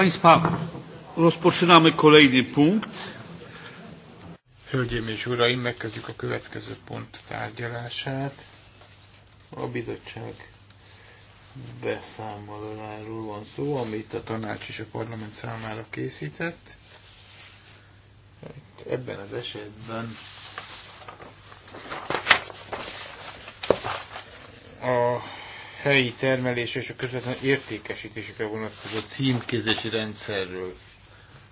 Państwa, rozpoczynamy kolejny punkt. Hölgyeim és Uraim, megkezdjük a következő pont tárgyalását. A bizottság beszámolóról van szó, amit a tanács és a parlament számára készített. Itt ebben az esetben a helyi termelés és a közvetlen értékesítésre vonatkozó címkézési rendszerről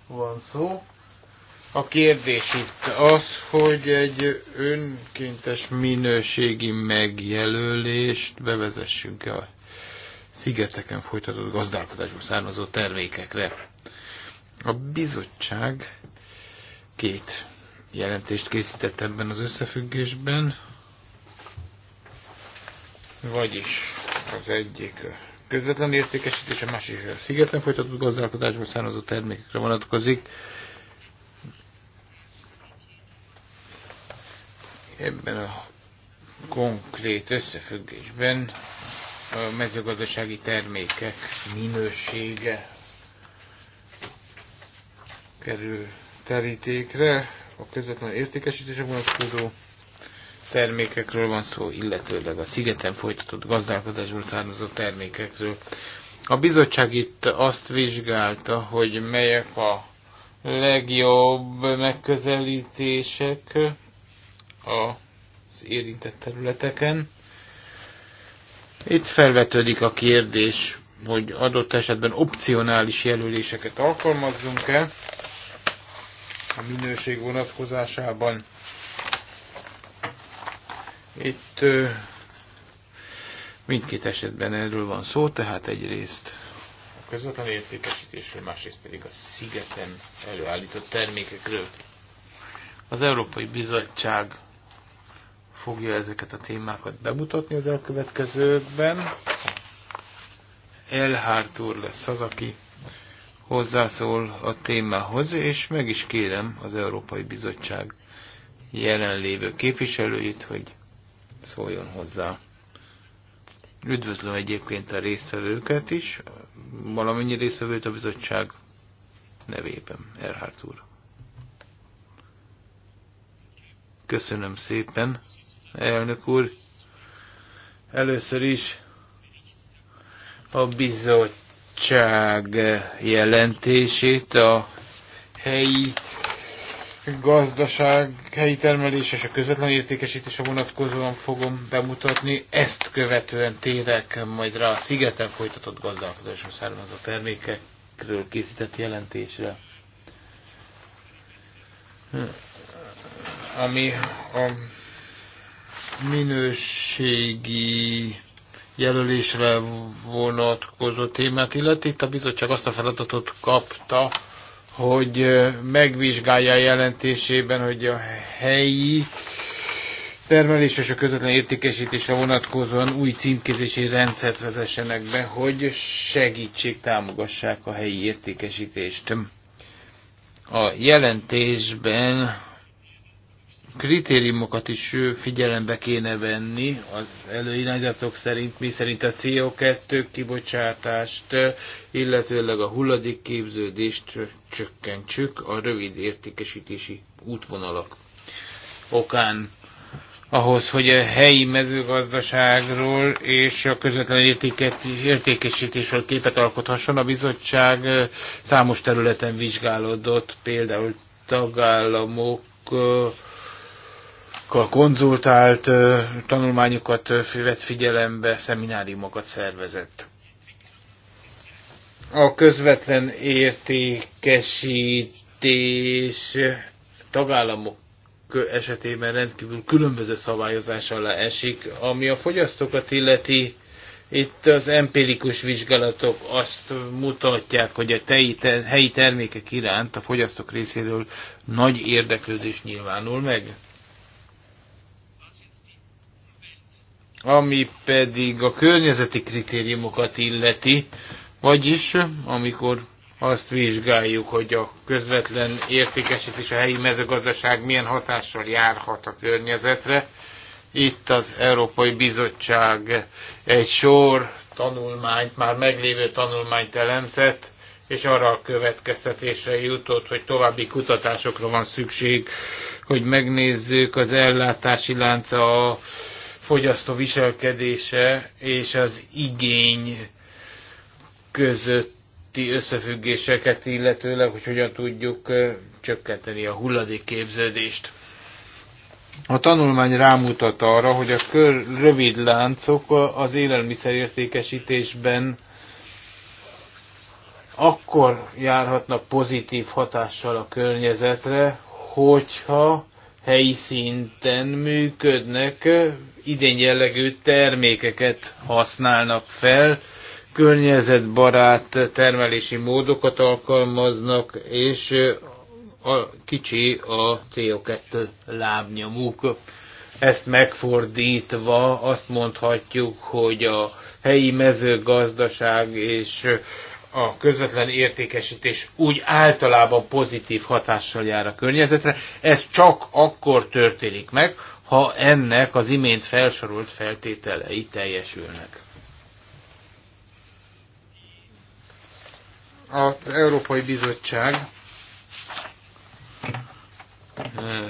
van szó. A kérdés itt az, hogy egy önkéntes minőségi megjelölést bevezessünk -e a szigeteken folytatott gazdálkodásból származó termékekre. A bizottság két jelentést készített ebben az összefüggésben, vagyis az egyik közvetlen értékesítés, a másik a szigeten folytatott gazdálkodásból származó termékekre vonatkozik. Ebben a konkrét összefüggésben a mezőgazdasági termékek minősége kerül terítékre a közvetlen értékesítése vonatkozó termékekről van szó, illetőleg a szigeten folytatott gazdálkodásból származó termékekről. A bizottság itt azt vizsgálta, hogy melyek a legjobb megközelítések az érintett területeken. Itt felvetődik a kérdés, hogy adott esetben opcionális jelöléseket alkalmazzunk-e a minőség vonatkozásában itt mindkét esetben erről van szó, tehát egyrészt a közvetlen értékesítésről, másrészt pedig a szigeten előállított termékekről. Az Európai Bizottság fogja ezeket a témákat bemutatni az elkövetkezőkben. Elhárt úr lesz az, aki hozzászól a témához, és meg is kérem az Európai Bizottság jelenlévő képviselőit, hogy szóljon hozzá. Üdvözlöm egyébként a résztvevőket is, valamennyi résztvevőt a bizottság nevében, Erhárt úr. Köszönöm szépen, elnök úr. Először is a bizottság jelentését a helyi gazdaság, helyi termelés és a közvetlen értékesítése vonatkozóan fogom bemutatni. Ezt követően térek majd rá a szigeten folytatott gazdálkodásra származó termékekről készített jelentésre. Ami a minőségi jelölésre vonatkozó témát illeti. Itt a bizottság azt a feladatot kapta, hogy megvizsgálja a jelentésében, hogy a helyi termelés és a közvetlen értékesítésre vonatkozóan új címkézési rendszert vezessenek be, hogy segítsék, támogassák a helyi értékesítést. A jelentésben kritériumokat is figyelembe kéne venni az előirányzatok szerint, mi szerint a CO2 kibocsátást, illetőleg a hulladékképződést csökkentsük a rövid értékesítési útvonalak okán ahhoz, hogy a helyi mezőgazdaságról és a közvetlen értékesítésről képet alkothasson. A bizottság számos területen vizsgálódott, például tagállamok konzultált, tanulmányokat vett figyelembe, szemináriumokat szervezett. A közvetlen értékesítés tagállamok esetében rendkívül különböző szabályozás alá esik. Ami a fogyasztókat illeti, itt az empirikus vizsgálatok azt mutatják, hogy a te, helyi termékek iránt a fogyasztók részéről nagy érdeklődés nyilvánul meg. Ami pedig a környezeti kritériumokat illeti, vagyis amikor azt vizsgáljuk, hogy a közvetlen értékesítés a helyi mezőgazdaság milyen hatással járhat a környezetre. Itt az Európai Bizottság egy sor tanulmányt, már meglévő tanulmányt elemzett, és arra a következtetésre jutott, hogy további kutatásokra van szükség, hogy megnézzük az ellátási lánca a fogyasztó viselkedése és az igény közötti összefüggéseket, illetőleg, hogy hogyan tudjuk csökkenteni a hulladéképződést. A tanulmány rámutat arra, hogy a kör rövid láncok az élelmiszerértékesítésben akkor járhatnak pozitív hatással a környezetre, hogyha helyi szinten működnek, idén jellegű termékeket használnak fel, környezetbarát termelési módokat alkalmaznak, és a kicsi a CO2 lábnyomuk. Ezt megfordítva azt mondhatjuk, hogy a helyi mezőgazdaság és a közvetlen értékesítés úgy általában pozitív hatással jár a környezetre. Ez csak akkor történik meg, ha ennek az imént felsorolt feltételei teljesülnek. Az Európai Bizottság eh,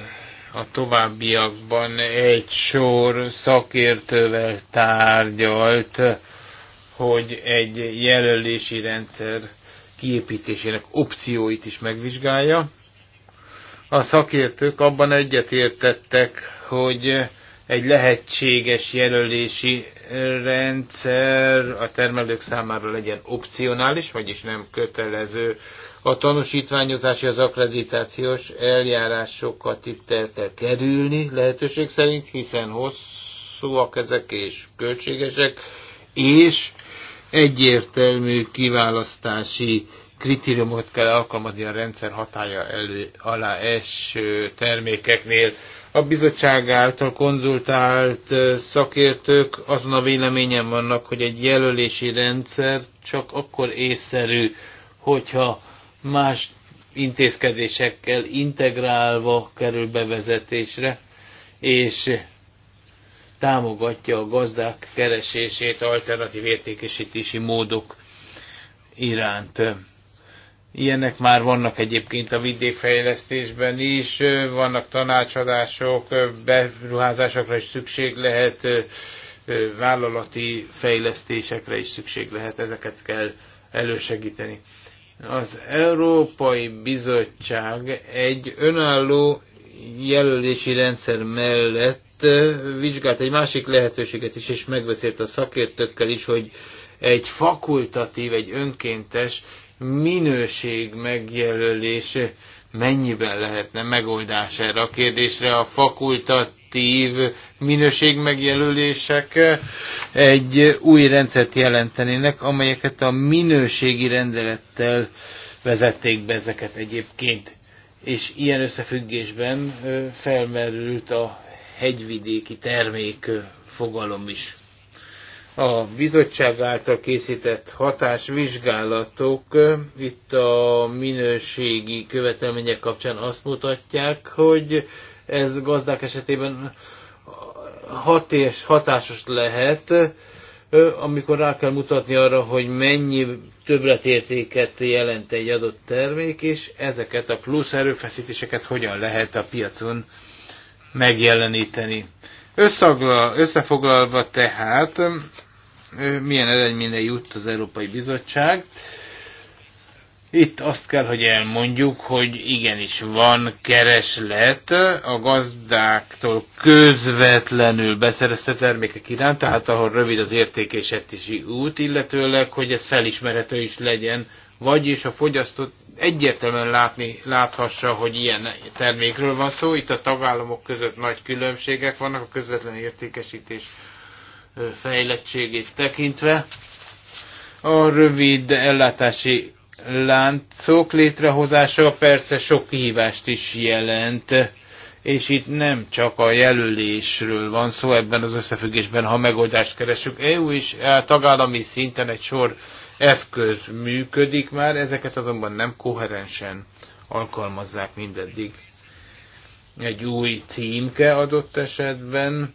a továbbiakban egy sor szakértővel tárgyalt, hogy egy jelölési rendszer kiépítésének opcióit is megvizsgálja. A szakértők abban egyetértettek, hogy egy lehetséges jelölési rendszer a termelők számára legyen opcionális, vagyis nem kötelező. A tanúsítványozási, az akkreditációs eljárásokat itt el kell kerülni lehetőség szerint, hiszen hosszúak ezek és költségesek, és egyértelmű kiválasztási kritériumokat kell alkalmazni a rendszer hatája elő, alá eső termékeknél. A bizottság által konzultált szakértők azon a véleményen vannak, hogy egy jelölési rendszer csak akkor észszerű, hogyha más intézkedésekkel integrálva kerül bevezetésre, és támogatja a gazdák keresését alternatív értékesítési módok iránt. Ilyenek már vannak egyébként a vidékfejlesztésben is, vannak tanácsadások, beruházásokra is szükség lehet, vállalati fejlesztésekre is szükség lehet, ezeket kell elősegíteni. Az Európai Bizottság egy önálló jelölési rendszer mellett vizsgált egy másik lehetőséget is, és megbeszélt a szakértőkkel is, hogy egy fakultatív, egy önkéntes minőség megjelölés mennyiben lehetne megoldás erre a kérdésre. A fakultatív minőség megjelölések egy új rendszert jelentenének, amelyeket a minőségi rendelettel vezették be ezeket egyébként és ilyen összefüggésben felmerült a hegyvidéki termék fogalom is. A bizottság által készített hatásvizsgálatok itt a minőségi követelmények kapcsán azt mutatják, hogy ez gazdák esetében hat és hatásos lehet, amikor rá kell mutatni arra, hogy mennyi többletértéket jelent egy adott termék, és ezeket a plusz erőfeszítéseket hogyan lehet a piacon megjeleníteni. Összeglal, összefoglalva tehát, milyen eredményre jut az Európai Bizottság, itt azt kell, hogy elmondjuk, hogy igenis van kereslet a gazdáktól közvetlenül beszerezte termékek iránt, tehát ahol rövid az értékesítési út, illetőleg, hogy ez felismerhető is legyen, vagyis a fogyasztó egyértelműen látni, láthassa, hogy ilyen termékről van szó. Itt a tagállamok között nagy különbségek vannak a közvetlen értékesítés fejlettségét tekintve. A rövid ellátási láncok létrehozása persze sok kihívást is jelent, és itt nem csak a jelölésről van szó ebben az összefüggésben, ha megoldást keresünk. EU is e, tagállami szinten egy sor eszköz működik már, ezeket azonban nem koherensen alkalmazzák mindeddig. Egy új címke adott esetben,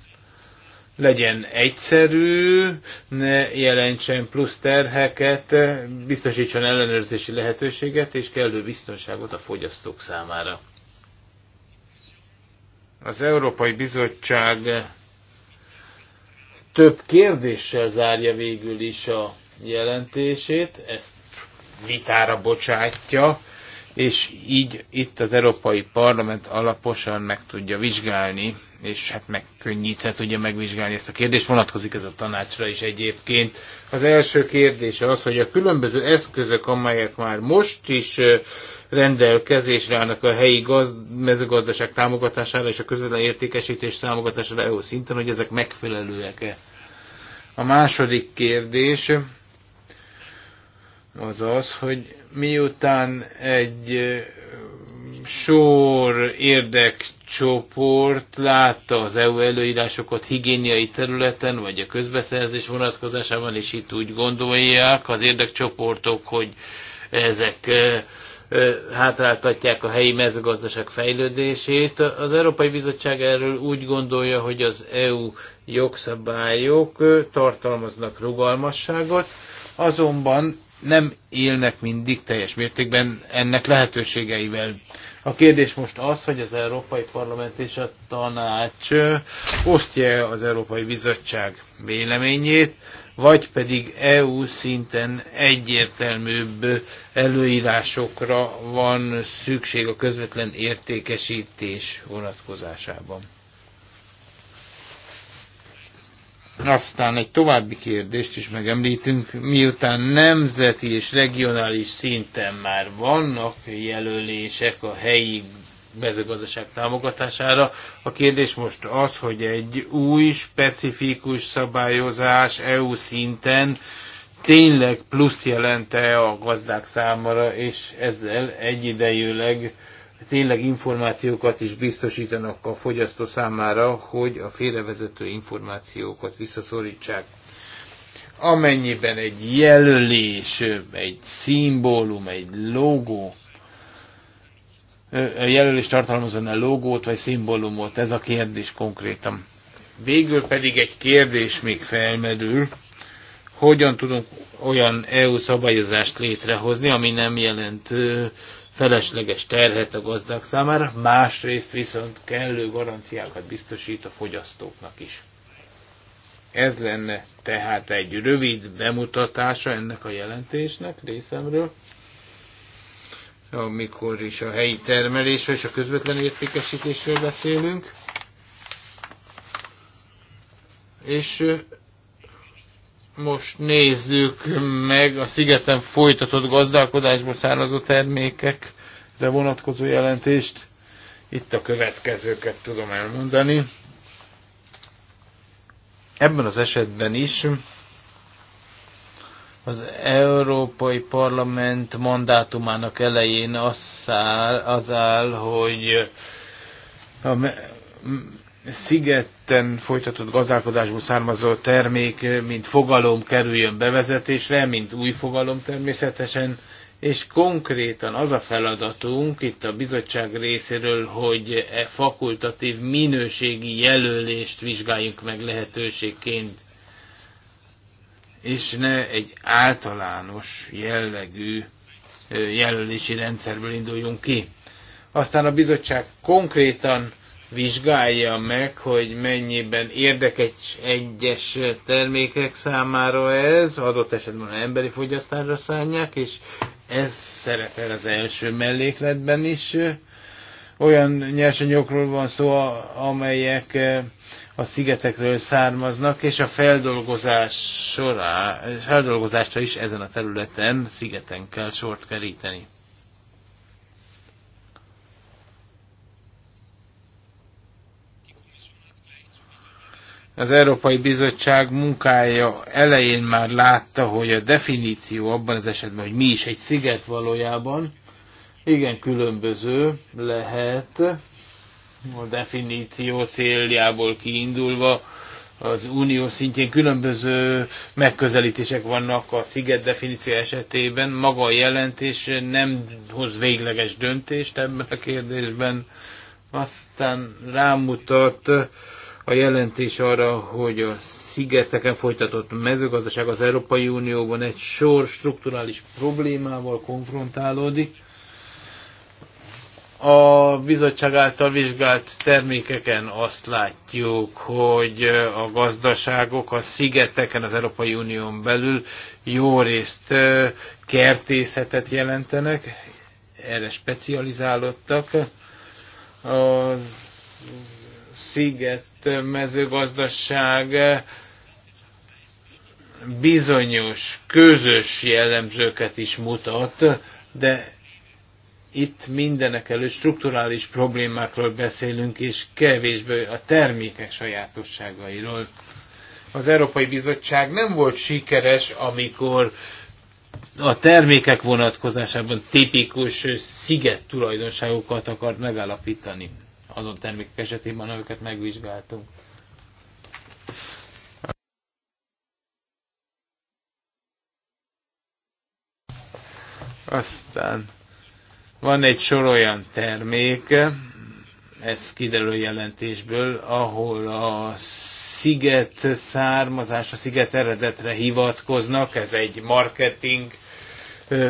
legyen egyszerű, ne jelentsen plusz terheket, biztosítson ellenőrzési lehetőséget és kellő biztonságot a fogyasztók számára. Az Európai Bizottság több kérdéssel zárja végül is a jelentését, ezt vitára bocsátja, és így itt az Európai Parlament alaposan meg tudja vizsgálni és hát megkönnyíthet ugye megvizsgálni ezt a kérdést, vonatkozik ez a tanácsra is egyébként. Az első kérdés az, hogy a különböző eszközök, amelyek már most is rendelkezésre állnak a helyi gaz, mezőgazdaság támogatására és a közvetlen értékesítés támogatására EU szinten, hogy ezek megfelelőek-e. A második kérdés az az, hogy miután egy sor érdekcsoport látta az EU előírásokat higiéniai területen, vagy a közbeszerzés vonatkozásában, és itt úgy gondolják az érdekcsoportok, hogy ezek hátráltatják a helyi mezőgazdaság fejlődését. Az Európai Bizottság erről úgy gondolja, hogy az EU jogszabályok tartalmaznak rugalmasságot, azonban nem élnek mindig teljes mértékben ennek lehetőségeivel. A kérdés most az, hogy az Európai Parlament és a tanács osztja az Európai Bizottság véleményét, vagy pedig EU szinten egyértelműbb előírásokra van szükség a közvetlen értékesítés vonatkozásában. Aztán egy további kérdést is megemlítünk, miután nemzeti és regionális szinten már vannak jelölések a helyi mezőgazdaság támogatására. A kérdés most az, hogy egy új, specifikus szabályozás EU szinten tényleg plusz jelente a gazdák számára, és ezzel egyidejűleg tényleg információkat is biztosítanak a fogyasztó számára, hogy a félrevezető információkat visszaszorítsák. Amennyiben egy jelölés, egy szimbólum, egy logó, a jelölés tartalmazon-e logót vagy szimbólumot, ez a kérdés konkrétan. Végül pedig egy kérdés még felmerül, hogyan tudunk olyan EU szabályozást létrehozni, ami nem jelent felesleges terhet a gazdák számára, másrészt viszont kellő garanciákat biztosít a fogyasztóknak is. Ez lenne tehát egy rövid bemutatása ennek a jelentésnek részemről. Amikor is a helyi termelésről és a közvetlen értékesítésről beszélünk. És most nézzük meg a szigeten folytatott gazdálkodásból származó termékekre vonatkozó jelentést. Itt a következőket tudom elmondani. Ebben az esetben is az Európai Parlament mandátumának elején az áll, az áll hogy a szigeten folytatott gazdálkodásból származó termék, mint fogalom kerüljön bevezetésre, mint új fogalom természetesen, és konkrétan az a feladatunk itt a bizottság részéről, hogy e fakultatív minőségi jelölést vizsgáljuk meg lehetőségként, és ne egy általános jellegű jelölési rendszerből induljunk ki. Aztán a bizottság konkrétan vizsgálja meg, hogy mennyiben érdekes egyes termékek számára ez, adott esetben emberi fogyasztásra szállják, és ez szerepel az első mellékletben is. Olyan nyersanyagokról van szó, amelyek e, a szigetekről származnak, és a feldolgozás során, feldolgozásra is ezen a területen, szigeten kell sort keríteni. az Európai Bizottság munkája elején már látta, hogy a definíció abban az esetben, hogy mi is egy sziget valójában, igen különböző lehet a definíció céljából kiindulva. Az unió szintjén különböző megközelítések vannak a sziget definíció esetében. Maga a jelentés nem hoz végleges döntést ebben a kérdésben. Aztán rámutat a jelentés arra, hogy a szigeteken folytatott mezőgazdaság az Európai Unióban egy sor strukturális problémával konfrontálódik. A bizottság által vizsgált termékeken azt látjuk, hogy a gazdaságok a szigeteken az Európai Unión belül jó részt kertészetet jelentenek, erre specializálódtak. A sziget mezőgazdaság eh, bizonyos közös jellemzőket is mutat, de itt mindenek előtt strukturális problémákról beszélünk, és kevésbé a termékek sajátosságairól. Az Európai Bizottság nem volt sikeres, amikor a termékek vonatkozásában tipikus sziget tulajdonságokat akart megállapítani azon termékek esetében, amiket megvizsgáltunk. Aztán van egy sor olyan termék, ez kiderül jelentésből, ahol a sziget származás, a sziget eredetre hivatkoznak, ez egy marketing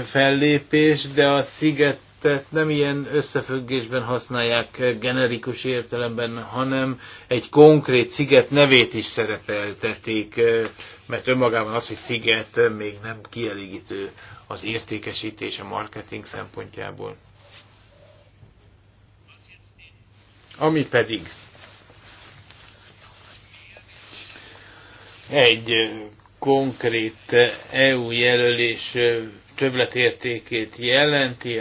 fellépés, de a sziget tehát nem ilyen összefüggésben használják generikus értelemben, hanem egy konkrét sziget nevét is szerepeltetik, mert önmagában az, hogy sziget még nem kielégítő az értékesítés a marketing szempontjából. Ami pedig egy konkrét EU jelölés többletértékét jelenti,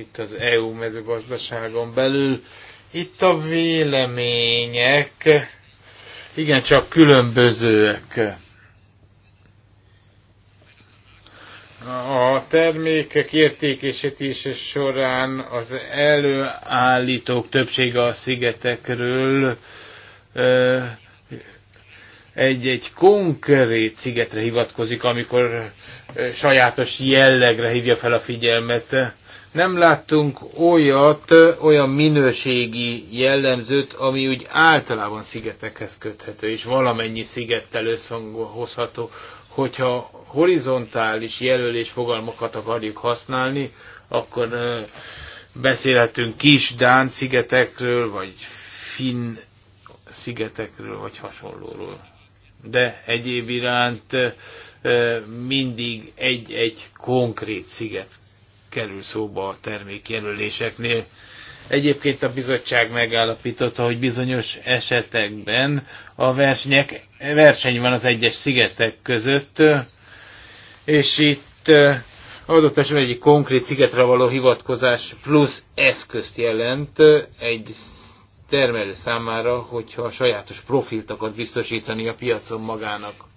itt az EU mezőgazdaságon belül. Itt a vélemények igen csak különbözőek. A termékek értékesítése során az előállítók többsége a szigetekről egy-egy konkrét szigetre hivatkozik, amikor sajátos jellegre hívja fel a figyelmet nem láttunk olyat, olyan minőségi jellemzőt, ami úgy általában szigetekhez köthető, és valamennyi szigettel összhangba Hogyha horizontális jelölés fogalmakat akarjuk használni, akkor beszélhetünk kis Dán szigetekről, vagy Finn szigetekről, vagy hasonlóról. De egyéb iránt mindig egy-egy konkrét sziget kerül szóba a termékjelöléseknél. Egyébként a bizottság megállapította, hogy bizonyos esetekben a versenyek, verseny van az egyes szigetek között, és itt adott esetben egy konkrét szigetre való hivatkozás plusz eszközt jelent egy termelő számára, hogyha a sajátos profilt akar biztosítani a piacon magának.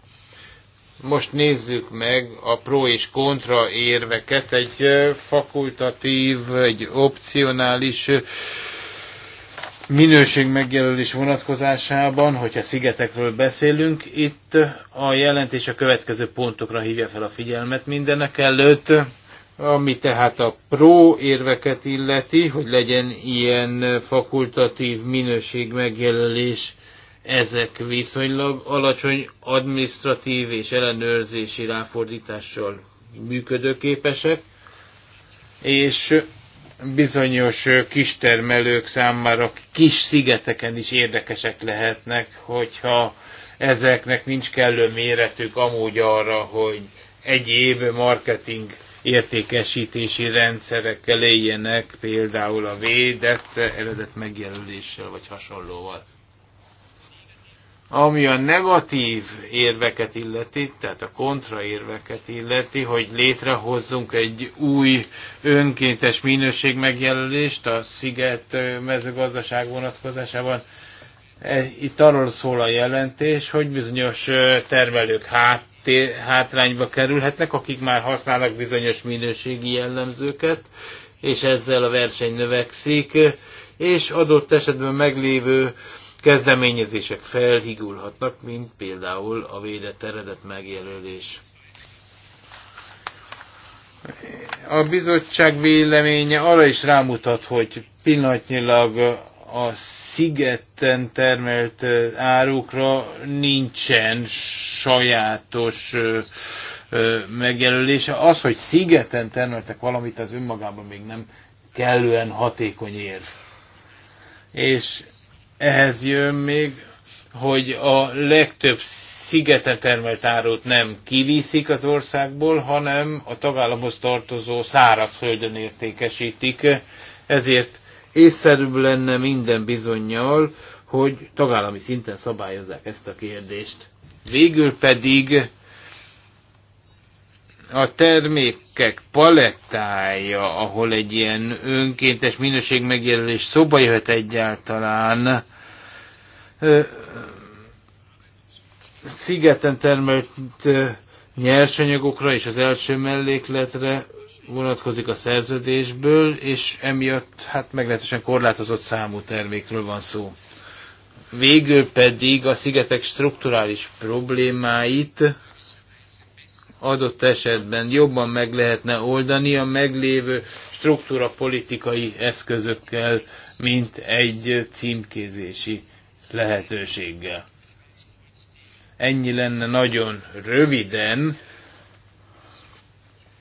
Most nézzük meg a pro és kontra érveket. Egy fakultatív, egy opcionális minőség megjelölés vonatkozásában, hogyha szigetekről beszélünk, itt a jelentés a következő pontokra hívja fel a figyelmet mindenek előtt, ami tehát a pro érveket illeti, hogy legyen ilyen fakultatív minőség megjelölés ezek viszonylag alacsony administratív és ellenőrzési ráfordítással működőképesek, és bizonyos kistermelők számára kis szigeteken is érdekesek lehetnek, hogyha ezeknek nincs kellő méretük amúgy arra, hogy egyéb marketing értékesítési rendszerekkel éljenek, például a védett eredet megjelöléssel vagy hasonlóval. Ami a negatív érveket illeti, tehát a kontraérveket illeti, hogy létrehozzunk egy új önkéntes minőségmegjelölést a sziget mezőgazdaság vonatkozásában, e, itt arról szól a jelentés, hogy bizonyos termelők hátrányba kerülhetnek, akik már használnak bizonyos minőségi jellemzőket, és ezzel a verseny növekszik, és adott esetben meglévő kezdeményezések felhigulhatnak, mint például a védett eredet megjelölés. A bizottság véleménye arra is rámutat, hogy pillanatnyilag a szigeten termelt árukra nincsen sajátos megjelölése. Az, hogy szigeten termeltek valamit, az önmagában még nem kellően hatékony érv. És ehhez jön még, hogy a legtöbb szigeten termelt árut nem kiviszik az országból, hanem a tagállamhoz tartozó szárazföldön értékesítik. Ezért észszerűbb lenne minden bizonyal, hogy tagállami szinten szabályozzák ezt a kérdést. Végül pedig a termékek palettája, ahol egy ilyen önkéntes minőségmegjelölés szoba jöhet egyáltalán, szigeten termelt nyersanyagokra és az első mellékletre vonatkozik a szerződésből, és emiatt hát meglehetősen korlátozott számú termékről van szó. Végül pedig a szigetek strukturális problémáit adott esetben jobban meg lehetne oldani a meglévő struktúra politikai eszközökkel, mint egy címkézési lehetőséggel. Ennyi lenne nagyon röviden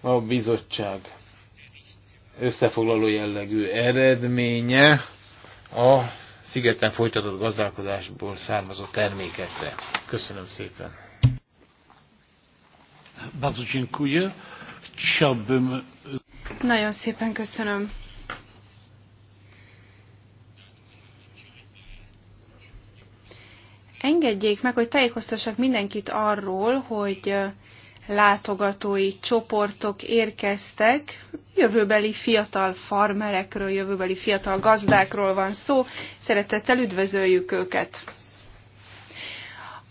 a bizottság összefoglaló jellegű eredménye a szigeten folytatott gazdálkodásból származó termékekre. Köszönöm szépen. Bardzo dziękuję. Chciałbym... Nagyon szépen köszönöm. engedjék meg, hogy tájékoztassak mindenkit arról, hogy látogatói csoportok érkeztek, jövőbeli fiatal farmerekről, jövőbeli fiatal gazdákról van szó, szeretettel üdvözöljük őket.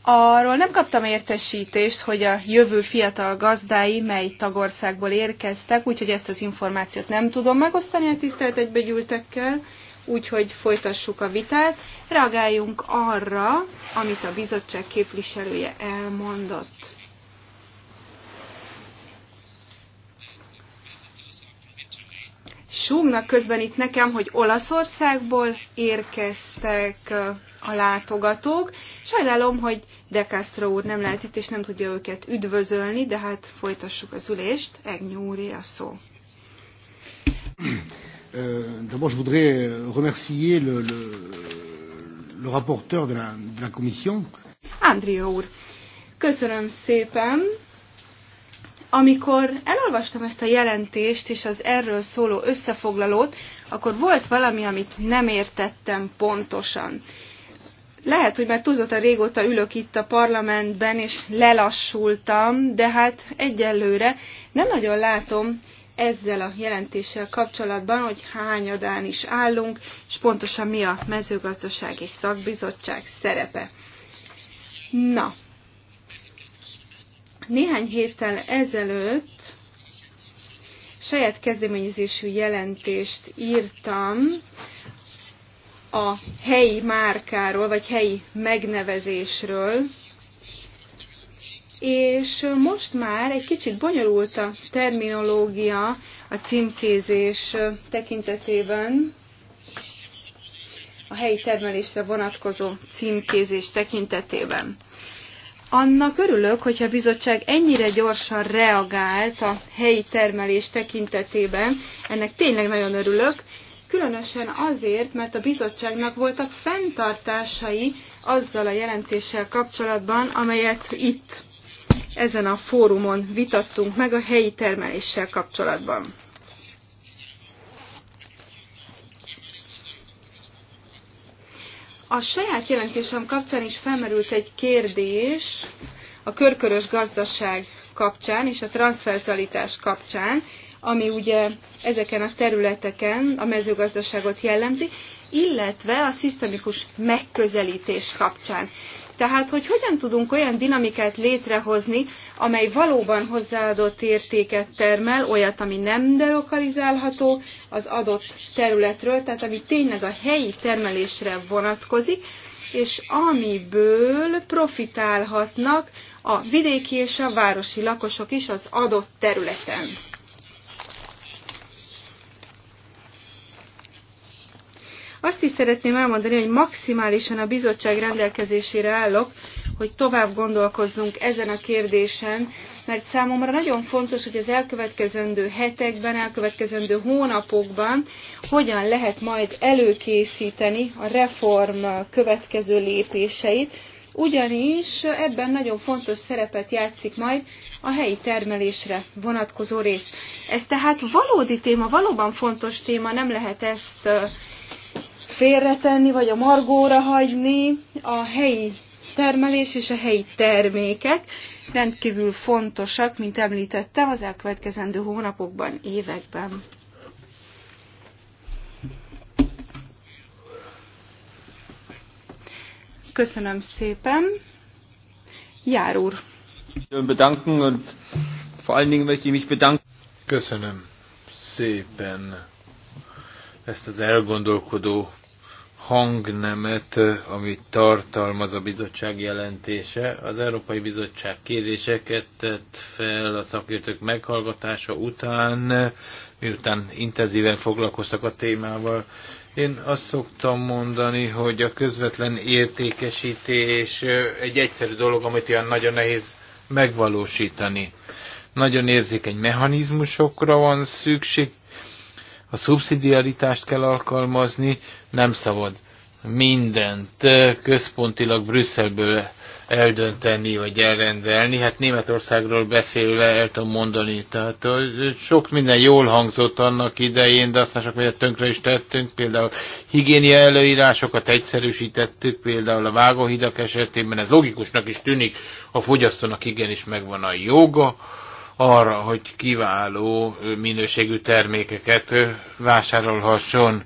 Arról nem kaptam értesítést, hogy a jövő fiatal gazdái mely tagországból érkeztek, úgyhogy ezt az információt nem tudom megosztani a tisztelt egybegyűltekkel. gyűltekkel úgyhogy folytassuk a vitát. Reagáljunk arra, amit a bizottság képviselője elmondott. Súgnak közben itt nekem, hogy Olaszországból érkeztek a látogatók. Sajnálom, hogy De Castro úr nem lehet itt, és nem tudja őket üdvözölni, de hát folytassuk az ülést. Egnyúri a szó. Euh, d'abord, je voudrais euh, remercier le, le, le rapporteur de la, de la commission. Andrea úr, köszönöm szépen. Amikor elolvastam ezt a jelentést és az erről szóló összefoglalót, akkor volt valami, amit nem értettem pontosan lehet, hogy már a régóta ülök itt a parlamentben, és lelassultam, de hát egyelőre nem nagyon látom ezzel a jelentéssel kapcsolatban, hogy hányadán is állunk, és pontosan mi a mezőgazdaság és szakbizottság szerepe. Na, néhány héttel ezelőtt saját kezdeményezésű jelentést írtam a helyi márkáról, vagy helyi megnevezésről, és most már egy kicsit bonyolult a terminológia a címkézés tekintetében, a helyi termelésre vonatkozó címkézés tekintetében. Annak örülök, hogyha a bizottság ennyire gyorsan reagált a helyi termelés tekintetében, ennek tényleg nagyon örülök, különösen azért, mert a bizottságnak voltak fenntartásai azzal a jelentéssel kapcsolatban, amelyet itt ezen a fórumon vitattunk meg a helyi termeléssel kapcsolatban. A saját jelentésem kapcsán is felmerült egy kérdés a körkörös gazdaság kapcsán és a transferzalitás kapcsán, ami ugye ezeken a területeken a mezőgazdaságot jellemzi, illetve a szisztemikus megközelítés kapcsán. Tehát, hogy hogyan tudunk olyan dinamikát létrehozni, amely valóban hozzáadott értéket termel, olyat, ami nem delokalizálható az adott területről, tehát ami tényleg a helyi termelésre vonatkozik, és amiből profitálhatnak a vidéki és a városi lakosok is az adott területen. Azt is szeretném elmondani, hogy maximálisan a bizottság rendelkezésére állok, hogy tovább gondolkozzunk ezen a kérdésen, mert számomra nagyon fontos, hogy az elkövetkezendő hetekben, elkövetkezendő hónapokban hogyan lehet majd előkészíteni a reform következő lépéseit, ugyanis ebben nagyon fontos szerepet játszik majd a helyi termelésre vonatkozó rész. Ez tehát valódi téma, valóban fontos téma, nem lehet ezt félretenni, vagy a margóra hagyni a helyi termelés és a helyi termékek rendkívül fontosak, mint említettem, az elkövetkezendő hónapokban, években. Köszönöm szépen. Jár úr. Bedanken und vor allen Dingen möchte ich bedanken. Köszönöm szépen ezt az elgondolkodó hangnemet, eh, amit tartalmaz a bizottság jelentése. Az Európai Bizottság kéréseket tett fel a szakértők meghallgatása után, miután intenzíven foglalkoztak a témával. Én azt szoktam mondani, hogy a közvetlen értékesítés eh, egy egyszerű dolog, amit ilyen nagyon nehéz megvalósítani. Nagyon érzékeny mechanizmusokra van szükség, a szubszidiaritást kell alkalmazni, nem szabad mindent eh, központilag Brüsszelből eldönteni, vagy elrendelni. Hát Németországról beszélve el tudom mondani, tehát eh, sok minden jól hangzott annak idején, de aztán sok mindent tönkre is tettünk, például higiénia előírásokat egyszerűsítettük, például a vágóhidak esetében, ez logikusnak is tűnik, a fogyasztónak igenis megvan a joga, arra, hogy kiváló minőségű termékeket vásárolhasson.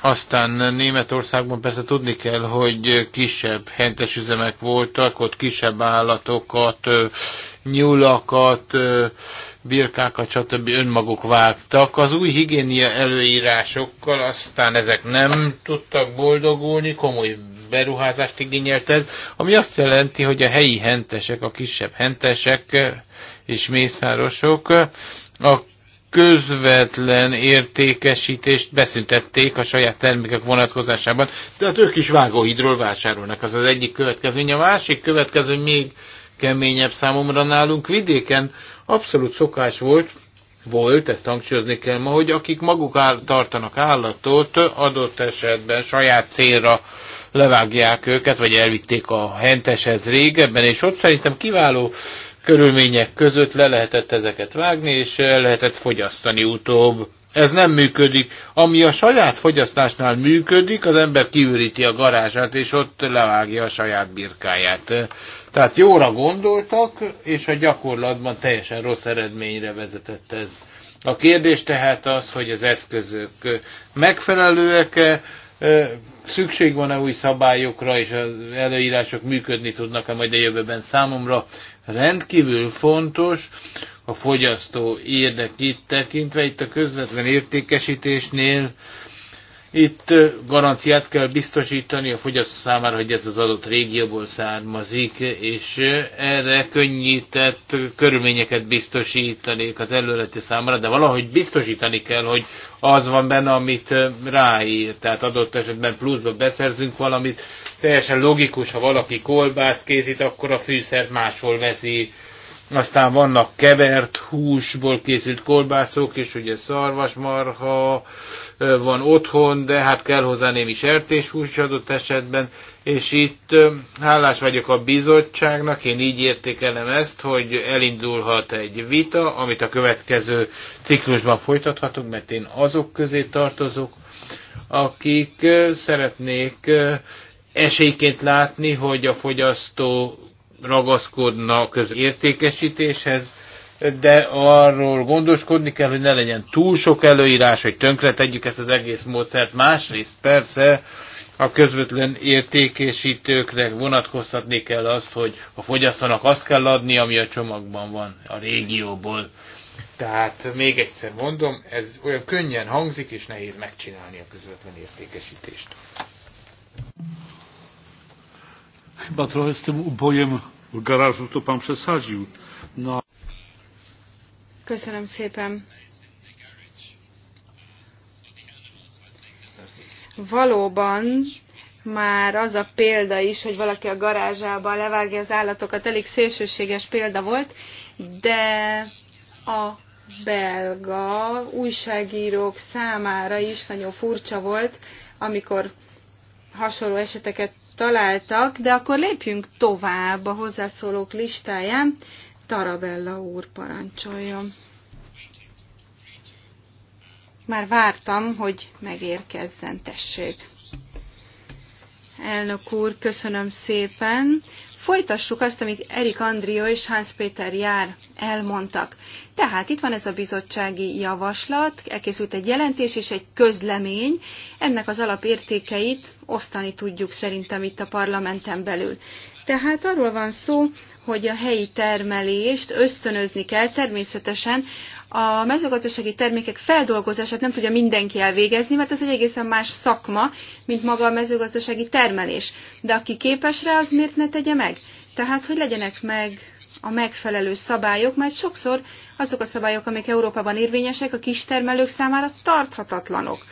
Aztán Németországban persze tudni kell, hogy kisebb hentes üzemek voltak, ott kisebb állatokat, nyulakat, birkákat, stb. önmaguk vágtak. Az új higiénia előírásokkal aztán ezek nem tudtak boldogulni, komoly beruházást igényelt ez, ami azt jelenti, hogy a helyi hentesek, a kisebb hentesek és mészárosok a közvetlen értékesítést beszüntették a saját termékek vonatkozásában. Tehát ők is vágóhidról vásárolnak, az az egyik következmény. A másik következő még keményebb számomra nálunk vidéken abszolút szokás volt, volt, ezt hangsúlyozni kell ma, hogy akik maguk áll, tartanak állatot, adott esetben saját célra levágják őket, vagy elvitték a henteshez régebben, és ott szerintem kiváló körülmények között le lehetett ezeket vágni, és el lehetett fogyasztani utóbb. Ez nem működik. Ami a saját fogyasztásnál működik, az ember kiüríti a garázsát, és ott levágja a saját birkáját. Tehát jóra gondoltak, és a gyakorlatban teljesen rossz eredményre vezetett ez. A kérdés tehát az, hogy az eszközök megfelelőek-e, szükség van-e új szabályokra, és az előírások működni tudnak-e majd a jövőben számomra rendkívül fontos a fogyasztó érdekét tekintve, itt a közvetlen értékesítésnél, itt garanciát kell biztosítani a fogyasztó számára, hogy ez az adott régióból származik, és erre könnyített körülményeket biztosítani az előleti számára, de valahogy biztosítani kell, hogy az van benne, amit ráír. Tehát adott esetben pluszba beszerzünk valamit, teljesen logikus, ha valaki kolbászt készít, akkor a fűszert máshol veszi. Aztán vannak kevert húsból készült kolbászok, és ugye szarvasmarha van otthon, de hát kell hozzá némi sertéshús is adott esetben. És itt hálás vagyok a bizottságnak, én így értékelem ezt, hogy elindulhat egy vita, amit a következő ciklusban folytathatunk, mert én azok közé tartozok, akik szeretnék esélyként látni, hogy a fogyasztó ragaszkodna a értékesítéshez, de arról gondoskodni kell, hogy ne legyen túl sok előírás, hogy tönkre tegyük ezt az egész módszert. Másrészt persze a közvetlen értékesítőkre vonatkoztatni kell azt, hogy a fogyasztónak azt kell adni, ami a csomagban van, a régióból. Tehát még egyszer mondom, ez olyan könnyen hangzik, és nehéz megcsinálni a közvetlen értékesítést. Chyba trochę z tym ubojem w garażu to pan przesadził. No. Köszönöm szépen. Valóban már az a példa is, hogy valaki a garázsába levágja az állatokat, elég szélsőséges példa volt, de a belga újságírók számára is nagyon furcsa volt, amikor hasonló eseteket találtak, de akkor lépjünk tovább a hozzászólók listáján. Tarabella úr parancsoljon. Már vártam, hogy megérkezzen, tessék. Elnök úr, köszönöm szépen folytassuk azt, amit Erik Andrió és Hans Péter Jár elmondtak. Tehát itt van ez a bizottsági javaslat, elkészült egy jelentés és egy közlemény. Ennek az alapértékeit osztani tudjuk szerintem itt a parlamenten belül. Tehát arról van szó, hogy a helyi termelést ösztönözni kell természetesen a mezőgazdasági termékek feldolgozását nem tudja mindenki elvégezni, mert ez egy egészen más szakma, mint maga a mezőgazdasági termelés. De aki képes rá, az miért ne tegye meg? Tehát, hogy legyenek meg a megfelelő szabályok, mert sokszor azok a szabályok, amik Európában érvényesek, a kistermelők számára tarthatatlanok.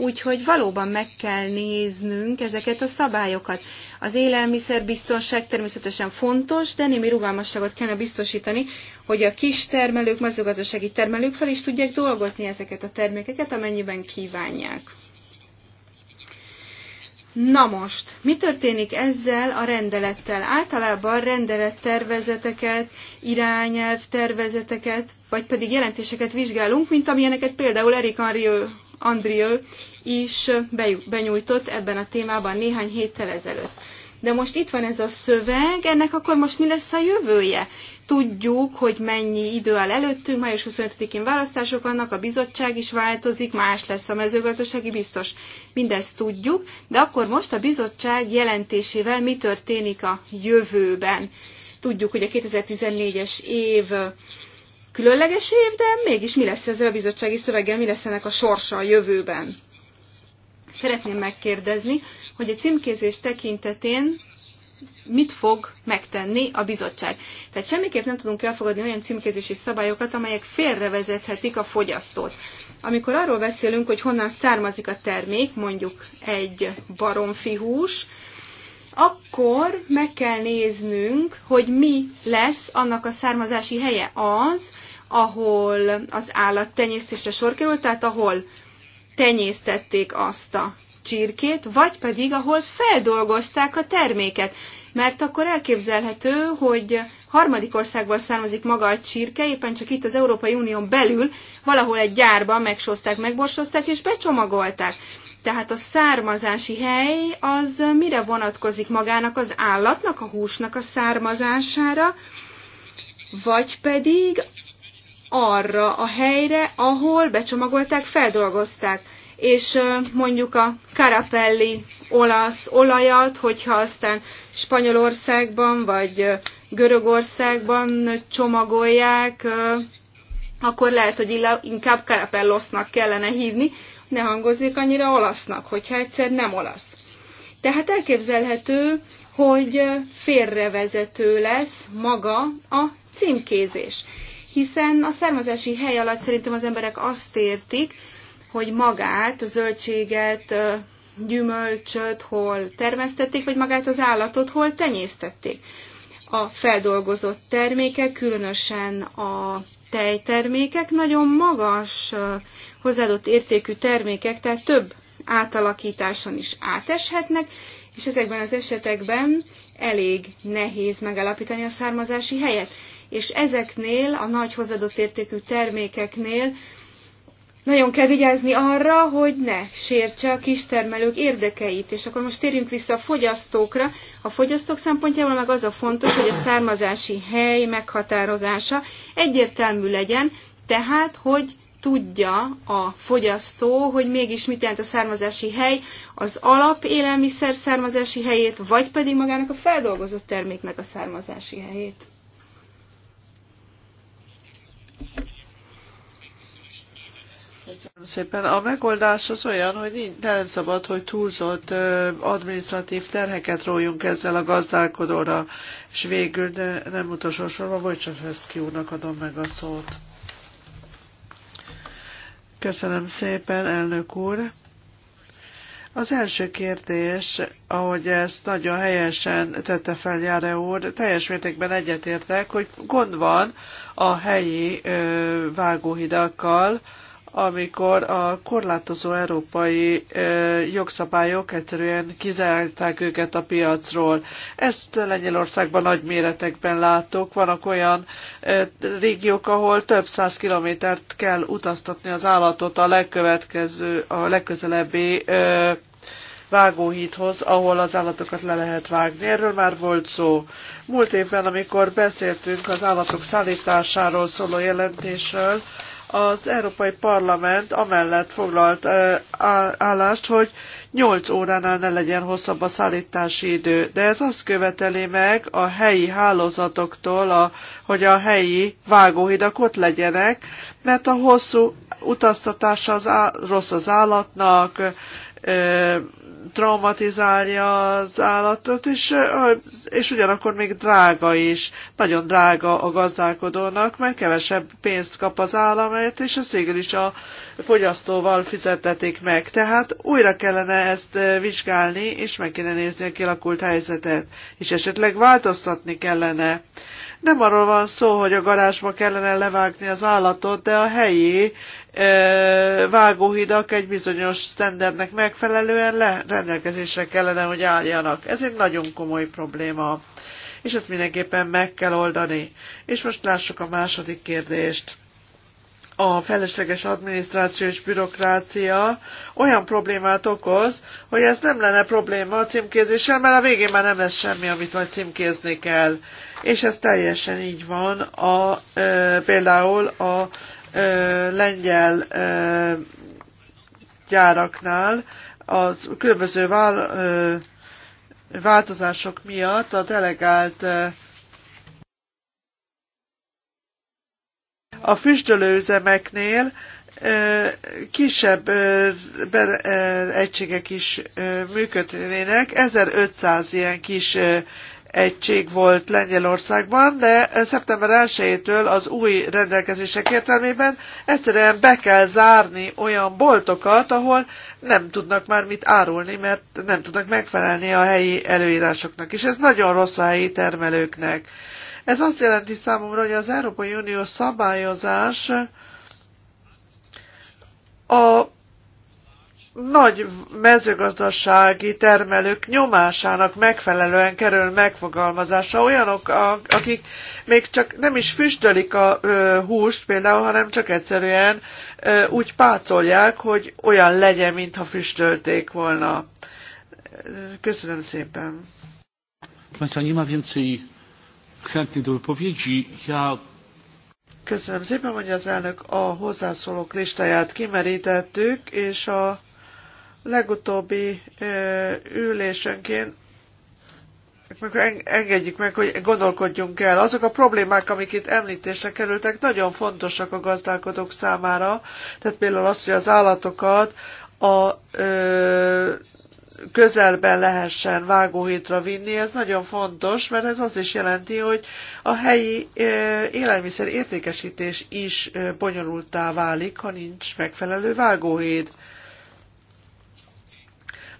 Úgyhogy valóban meg kell néznünk ezeket a szabályokat. Az élelmiszerbiztonság természetesen fontos, de némi rugalmasságot kellene biztosítani, hogy a kis termelők, mezőgazdasági termelők fel is tudják dolgozni ezeket a termékeket, amennyiben kívánják. Na most, mi történik ezzel a rendelettel? Általában rendelettervezeteket, irányelvtervezeteket, vagy pedig jelentéseket vizsgálunk, mint amilyeneket például Erik Henry Andrió is benyújtott ebben a témában néhány héttel ezelőtt. De most itt van ez a szöveg, ennek akkor most mi lesz a jövője? Tudjuk, hogy mennyi idő áll előttünk, május 25-én választások vannak, a bizottság is változik, más lesz a mezőgazdasági biztos. Mindezt tudjuk, de akkor most a bizottság jelentésével mi történik a jövőben? Tudjuk, hogy a 2014-es év különleges év, de mégis mi lesz ezzel a bizottsági szöveggel, mi lesz ennek a sorsa a jövőben. Szeretném megkérdezni, hogy a címkézés tekintetén mit fog megtenni a bizottság. Tehát semmiképp nem tudunk elfogadni olyan címkézési szabályokat, amelyek félrevezethetik a fogyasztót. Amikor arról beszélünk, hogy honnan származik a termék, mondjuk egy baromfi hús, akkor meg kell néznünk, hogy mi lesz annak a származási helye az, ahol az állattenyésztésre sor került, tehát ahol tenyésztették azt a csirkét, vagy pedig ahol feldolgozták a terméket. Mert akkor elképzelhető, hogy harmadik országból származik maga a csirke, éppen csak itt az Európai Unión belül valahol egy gyárban megsózták, megborsozták és becsomagolták. Tehát a származási hely az mire vonatkozik magának az állatnak, a húsnak a származására, vagy pedig arra a helyre, ahol becsomagolták, feldolgozták. És mondjuk a karapelli olasz olajat, hogyha aztán Spanyolországban vagy Görögországban csomagolják, akkor lehet, hogy inkább karapellosznak kellene hívni, ne hangozik annyira olasznak, hogyha egyszer nem olasz. Tehát elképzelhető, hogy félrevezető lesz maga a címkézés. Hiszen a származási hely alatt szerintem az emberek azt értik, hogy magát, a zöldséget, gyümölcsöt hol termesztették, vagy magát az állatot hol tenyésztették. A feldolgozott termékek, különösen a tejtermékek nagyon magas hozzáadott értékű termékek, tehát több átalakításon is áteshetnek, és ezekben az esetekben elég nehéz megalapítani a származási helyet. És ezeknél, a nagy hozadott értékű termékeknél nagyon kell vigyázni arra, hogy ne sértse a kistermelők érdekeit. És akkor most térjünk vissza a fogyasztókra. A fogyasztók szempontjából meg az a fontos, hogy a származási hely meghatározása egyértelmű legyen, tehát, hogy tudja a fogyasztó, hogy mégis mit jelent a származási hely, az alapélelmiszer származási helyét, vagy pedig magának a feldolgozott terméknek a származási helyét. Köszönöm szépen. A megoldás az olyan, hogy nem szabad, hogy túlzott administratív terheket rójunk ezzel a gazdálkodóra, és végül de nem utolsó sorban Wojciechowski úrnak adom meg a szót. Köszönöm szépen, elnök úr. Az első kérdés, ahogy ezt nagyon helyesen tette fel Jare úr, teljes mértékben egyetértek, hogy gond van a helyi vágóhidakkal, amikor a korlátozó európai jogszabályok egyszerűen kizárták őket a piacról. Ezt Lengyelországban nagy méretekben látok. Vannak olyan régiók, ahol több száz kilométert kell utaztatni az állatot a, legkövetkező, a legközelebbi vágóhídhoz, ahol az állatokat le lehet vágni. Erről már volt szó. Múlt évben, amikor beszéltünk az állatok szállításáról szóló jelentésről, az Európai Parlament amellett foglalt állást, hogy 8 óránál ne legyen hosszabb a szállítási idő, de ez azt követeli meg a helyi hálózatoktól, a, hogy a helyi vágóhidak ott legyenek, mert a hosszú utaztatás az á, rossz az állatnak, traumatizálja az állatot, és, és ugyanakkor még drága is, nagyon drága a gazdálkodónak, mert kevesebb pénzt kap az államért, és ezt végül is a fogyasztóval fizetetik meg. Tehát újra kellene ezt vizsgálni, és meg kéne nézni a kilakult helyzetet, és esetleg változtatni kellene. Nem arról van szó, hogy a garázsba kellene levágni az állatot, de a helyi vágóhidak egy bizonyos sztendernek megfelelően le, rendelkezésre kellene, hogy álljanak. Ez egy nagyon komoly probléma, és ezt mindenképpen meg kell oldani. És most lássuk a második kérdést a felesleges adminisztráció és bürokrácia olyan problémát okoz, hogy ez nem lenne probléma a címkézéssel, mert a végén már nem lesz semmi, amit majd címkézni kell. És ez teljesen így van a, e, például a lengyel gyáraknál az különböző változások miatt a delegált a füstölőüzemeknél kisebb egységek is működnének, 1500 ilyen kis egység volt Lengyelországban, de szeptember 1-től az új rendelkezések értelmében egyszerűen be kell zárni olyan boltokat, ahol nem tudnak már mit árulni, mert nem tudnak megfelelni a helyi előírásoknak, és ez nagyon rossz a helyi termelőknek. Ez azt jelenti számomra, hogy az Európai Unió szabályozás a nagy mezőgazdasági termelők nyomásának megfelelően kerül megfogalmazása Olyanok, akik még csak nem is füstölik a húst például, hanem csak egyszerűen úgy pácolják, hogy olyan legyen, mintha füstölték volna. Köszönöm szépen. Państwa, nie ma więcej chętnych do wypowiedzi. Ja Köszönöm szépen, hogy az elnök a hozzászólók listáját kimerítettük, és a legutóbbi ülésenként engedjük meg, hogy gondolkodjunk el. Azok a problémák, amik itt említésre kerültek, nagyon fontosak a gazdálkodók számára. Tehát például az, hogy az állatokat a ö, közelben lehessen vágóhídra vinni, ez nagyon fontos, mert ez azt is jelenti, hogy a helyi ö, élelmiszer értékesítés is ö, bonyolultá válik, ha nincs megfelelő vágóhíd. Ö,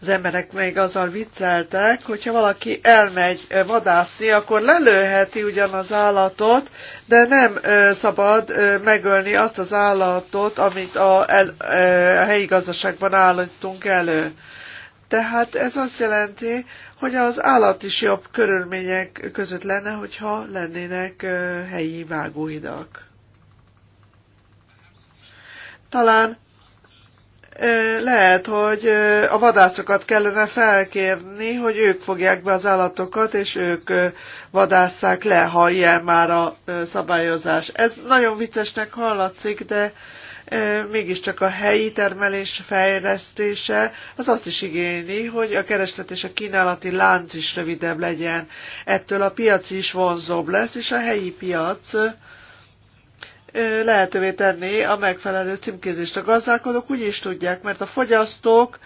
az emberek még azzal vicceltek, hogyha valaki elmegy vadászni, akkor lelőheti ugyanaz állatot, de nem szabad megölni azt az állatot, amit a, a helyi gazdaságban állítunk elő. Tehát ez azt jelenti, hogy az állat is jobb körülmények között lenne, hogyha lennének helyi vágóhidak. Talán lehet, hogy a vadászokat kellene felkérni, hogy ők fogják be az állatokat, és ők vadásszák le, ha ilyen már a szabályozás. Ez nagyon viccesnek hallatszik, de mégiscsak a helyi termelés fejlesztése az azt is igényli, hogy a kereslet és a kínálati lánc is rövidebb legyen. Ettől a piac is vonzóbb lesz, és a helyi piac lehetővé tenni a megfelelő címkézést. A gazdálkodók úgy is tudják, mert a fogyasztók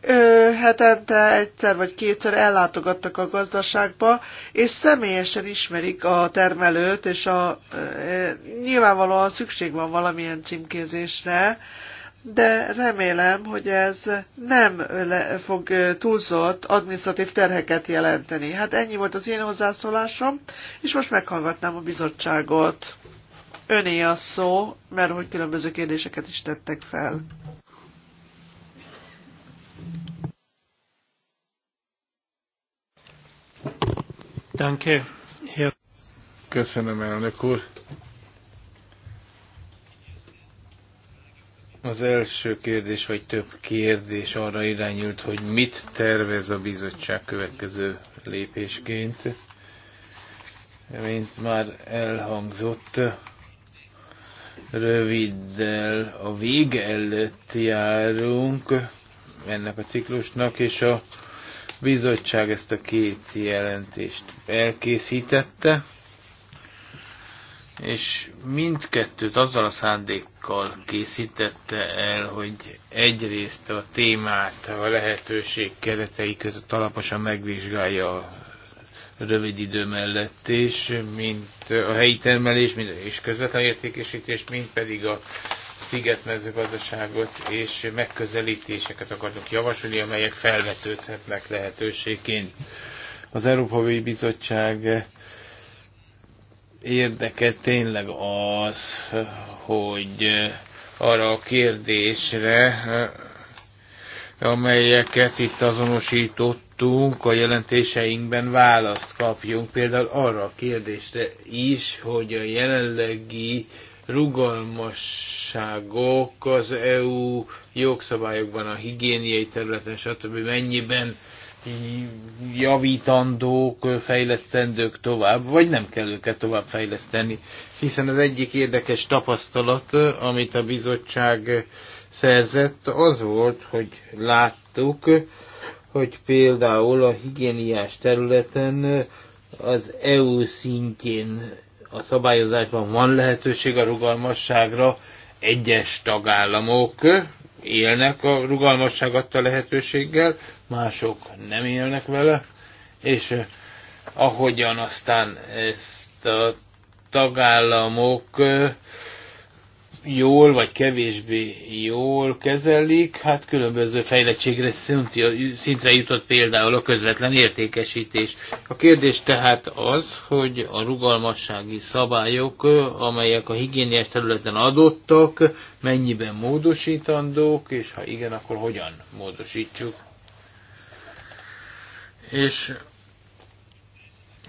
ö, hetente egyszer vagy kétszer ellátogattak a gazdaságba, és személyesen ismerik a termelőt, és a, ö, nyilvánvalóan szükség van valamilyen címkézésre, de remélem, hogy ez nem le, fog túlzott administratív terheket jelenteni. Hát ennyi volt az én hozzászólásom, és most meghallgatnám a bizottságot. Öné a szó, mert hogy különböző kérdéseket is tettek fel. Danke, Herr. Köszönöm, elnök úr. Az első kérdés, vagy több kérdés arra irányult, hogy mit tervez a bizottság következő lépésként. Mint már elhangzott, röviddel a vége előtt járunk ennek a ciklusnak, és a bizottság ezt a két jelentést elkészítette, és mindkettőt azzal a szándékkal készítette el, hogy egyrészt a témát a lehetőség keretei között alaposan megvizsgálja a rövid idő mellett, és mint a helyi termelés mint, és közvetlen értékesítés, mint pedig a szigetmezőgazdaságot és megközelítéseket akarnak javasolni, amelyek felvetődhetnek lehetőségként. Az Európai Bizottság érdeke tényleg az, hogy arra a kérdésre, amelyeket itt azonosítottunk a jelentéseinkben választ kapjunk. Például arra a kérdésre is, hogy a jelenlegi rugalmasságok az EU jogszabályokban, a higiéniai területen, stb. mennyiben javítandók, fejlesztendők tovább, vagy nem kell őket tovább fejleszteni. Hiszen az egyik érdekes tapasztalat, amit a bizottság szerzett az volt, hogy láttuk, hogy például a higiéniás területen az EU szintjén a szabályozásban van lehetőség a rugalmasságra, egyes tagállamok élnek a rugalmasság adta lehetőséggel, mások nem élnek vele, és ahogyan aztán ezt a tagállamok jól vagy kevésbé jól kezelik, hát különböző fejlettségre szintre jutott például a közvetlen értékesítés. A kérdés tehát az, hogy a rugalmassági szabályok, amelyek a higiéniás területen adottak, mennyiben módosítandók, és ha igen, akkor hogyan módosítsuk. És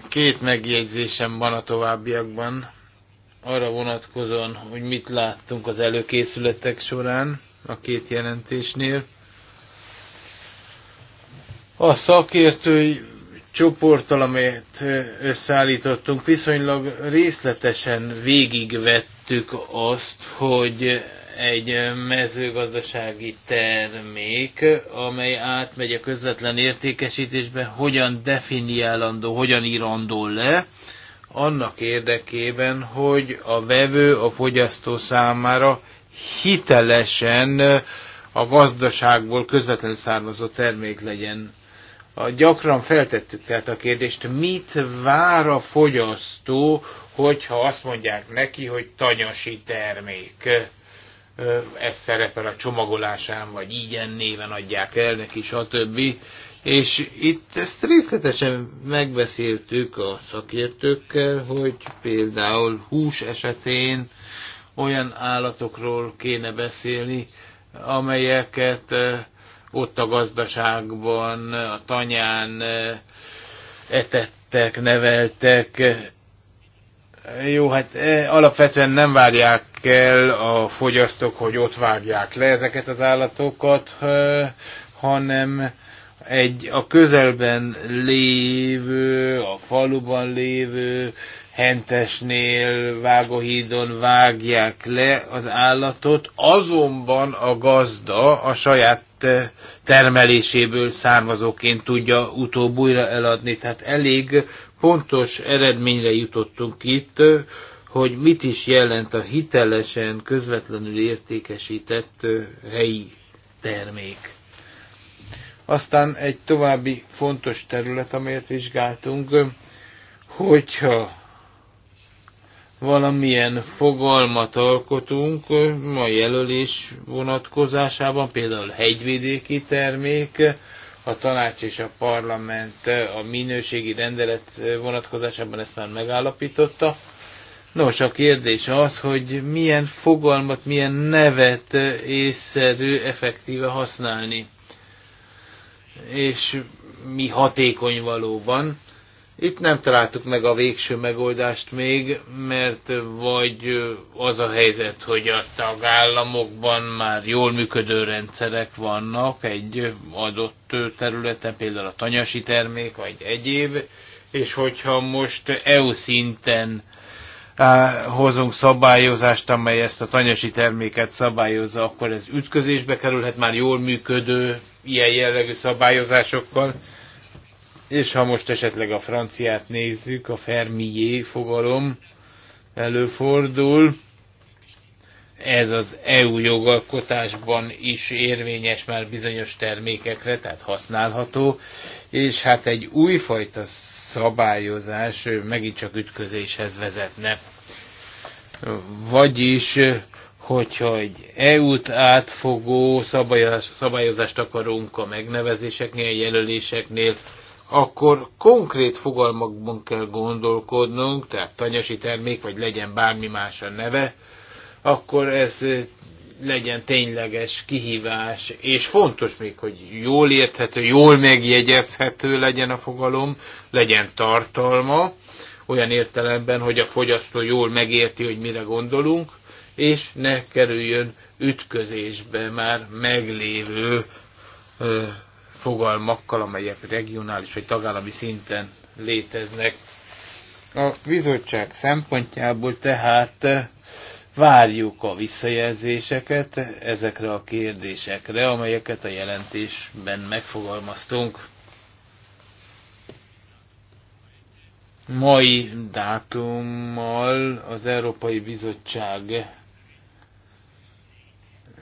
két megjegyzésem van a továbbiakban arra vonatkozóan, hogy mit láttunk az előkészületek során a két jelentésnél. A szakértői csoporttal, amelyet összeállítottunk, viszonylag részletesen végigvettük azt, hogy egy mezőgazdasági termék, amely átmegy a közvetlen értékesítésbe, hogyan definiálandó, hogyan írandó le, annak érdekében, hogy a vevő a fogyasztó számára hitelesen a gazdaságból közvetlen származó termék legyen. A, gyakran feltettük tehát a kérdést, mit vár a fogyasztó, hogyha azt mondják neki, hogy tanyasi termék. Ez szerepel a csomagolásán, vagy így néven adják el neki, stb. És itt ezt részletesen megbeszéltük a szakértőkkel, hogy például hús esetén olyan állatokról kéne beszélni, amelyeket eh, ott a gazdaságban, eh, a tanyán eh, etettek, neveltek. Jó, hát alapvetően nem várják el a fogyasztók, hogy ott vágják le ezeket az állatokat, hanem egy a közelben lévő, a faluban lévő hentesnél, vágóhídon vágják le az állatot, azonban a gazda a saját eh, termeléséből származóként tudja utóbb újra eladni. Tehát elég pontos eredményre jutottunk itt, hogy mit is jelent a hitelesen, közvetlenül értékesített eh, helyi termék. Aztán egy további fontos terület, amelyet vizsgáltunk, hogyha valamilyen fogalmat alkotunk a jelölés vonatkozásában, például hegyvidéki termék, a tanács és a parlament a minőségi rendelet vonatkozásában ezt már megállapította. Nos, a kérdés az, hogy milyen fogalmat, milyen nevet észszerű effektíve használni és mi hatékony valóban. Itt nem találtuk meg a végső megoldást még, mert vagy az a helyzet, hogy a tagállamokban már jól működő rendszerek vannak egy adott területen, például a tanyasi termék, vagy egyéb, és hogyha most EU szinten hozunk szabályozást, amely ezt a tanyasi terméket szabályozza, akkor ez ütközésbe kerülhet már jól működő ilyen jellegű szabályozásokkal. És ha most esetleg a franciát nézzük, a fermié fogalom előfordul. Ez az EU jogalkotásban is érvényes már bizonyos termékekre, tehát használható, és hát egy újfajta szabályozás megint csak ütközéshez vezetne. Vagyis hogyha egy EU-t átfogó szabályozás, szabályozást akarunk a megnevezéseknél, a jelöléseknél, akkor konkrét fogalmakban kell gondolkodnunk, tehát tanyasi termék, vagy legyen bármi más a neve, akkor ez legyen tényleges kihívás, és fontos még, hogy jól érthető, jól megjegyezhető legyen a fogalom, legyen tartalma, olyan értelemben, hogy a fogyasztó jól megérti, hogy mire gondolunk, és ne kerüljön ütközésbe már meglévő ö, fogalmakkal, amelyek regionális vagy tagállami szinten léteznek. A bizottság szempontjából tehát várjuk a visszajelzéseket ezekre a kérdésekre, amelyeket a jelentésben megfogalmaztunk. Mai dátummal az Európai Bizottság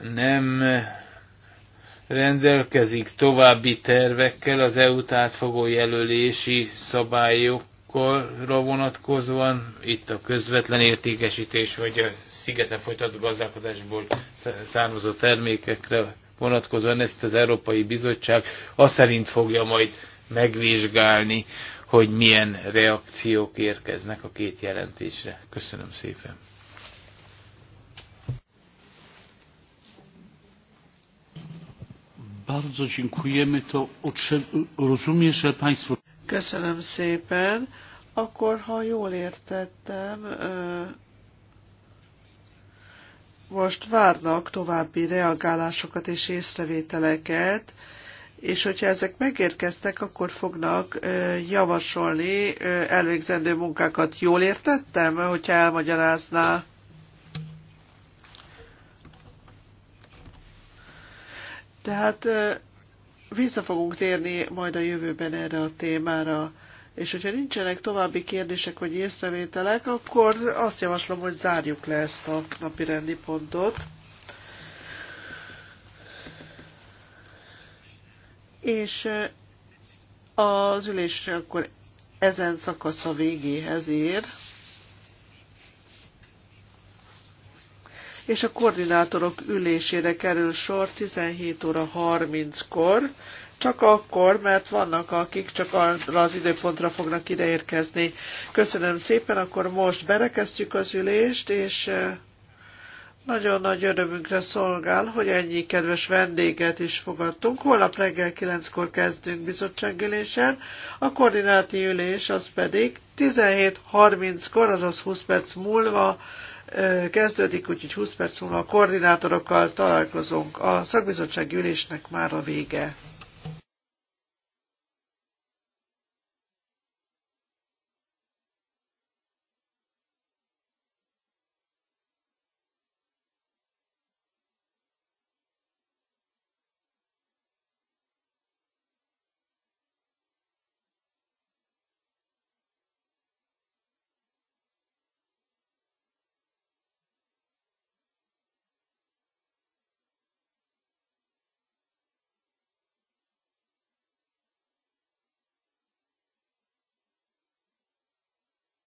nem rendelkezik további tervekkel az EU-t átfogó jelölési szabályokra vonatkozóan, itt a közvetlen értékesítés vagy a szigeten folytatott gazdálkodásból származó termékekre vonatkozóan ezt az Európai Bizottság azt szerint fogja majd megvizsgálni, hogy milyen reakciók érkeznek a két jelentésre. Köszönöm szépen. Bardzo dziękujemy. To rozumiem, że państwo... Köszönöm szépen. Akkor, ha jól értettem, e, most várnak további reagálásokat és észrevételeket, és hogyha ezek megérkeztek, akkor fognak e, javasolni e, elvégzendő munkákat. Jól értettem, hogyha elmagyarázná? Tehát vissza fogunk térni majd a jövőben erre a témára. És hogyha nincsenek további kérdések vagy észrevételek, akkor azt javaslom, hogy zárjuk le ezt a napi rendi pontot. És az ülés akkor ezen szakasza végéhez ér. és a koordinátorok ülésére kerül sor 17 óra 30-kor, csak akkor, mert vannak, akik csak arra az időpontra fognak ideérkezni. Köszönöm szépen, akkor most berekeztjük az ülést, és eh, nagyon nagy örömünkre szolgál, hogy ennyi kedves vendéget is fogadtunk. Holnap reggel 9-kor kezdünk bizottságülésen, a koordináti ülés az pedig 17.30-kor, azaz 20 perc múlva kezdődik, úgyhogy 20 perc múlva a koordinátorokkal találkozunk. A szakbizottság ülésnek már a vége.